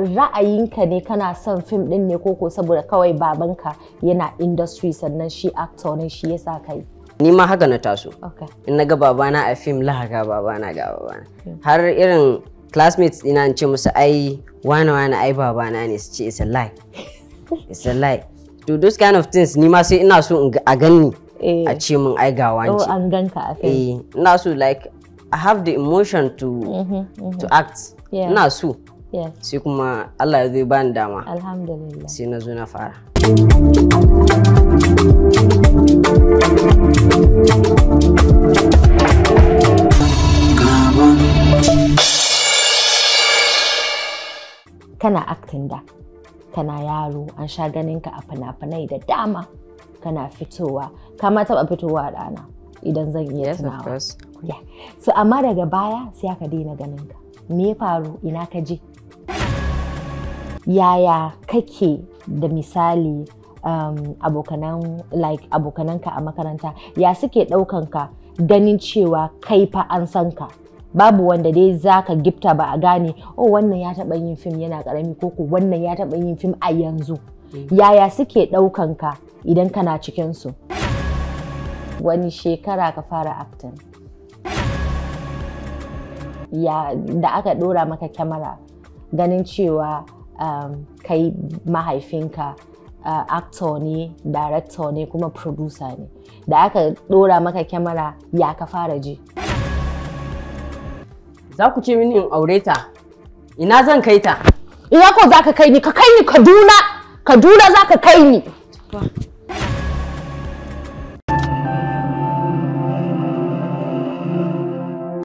ra'ayinka ne kana son fim din ne koko saboda kawai babanka yana industry sannan shi actor ne shi yasa kai ni ma haka na taso in na ga babana a fim lahaga babana ga babana hmm. har irin classmates ina ce musu ai wane wane ai babana ne su ce it's a lie it's a lie to those kind of things ni ma sai ina so a ganni eh. a ce min ai ga oh an ganka a fim eh, ina so like I have the emotion to mm -hmm, mm -hmm. to act ina so sai kuma Allah ya zai bani dama alhamdulillah sai na zo na fara kana acting da kana yaro an sha ganinka a fina-finai da dama kana fitowa kama taba fitowa a ɗana idan zan iya tunawa so amma daga baya sai aka daina ganin ka me ya faru ina ka je yaya kake da misali um, abokanan like abokananka a makaranta ya suke ɗaukan ka ganin cewa kai fa an san ka babu wanda dai za ka gifta ba a gane oh wannan ya taɓa yin fim yana ƙarami ko ku wannan ya taɓa yin fim a yanzu mm. yaya suke ɗaukan ka idan kana cikin su wani shekara ka fara acting ya da aka ɗora maka kyamara ganin cewa um, kai mahaifinka uh, actor ne director ne kuma producer ne da aka dora maka kyamara ya ka fara ji za ku ce mini in aure ta ina zan kai ta ina ko za ka kai ni ka kai ni kaduna kaduna za ka kai ni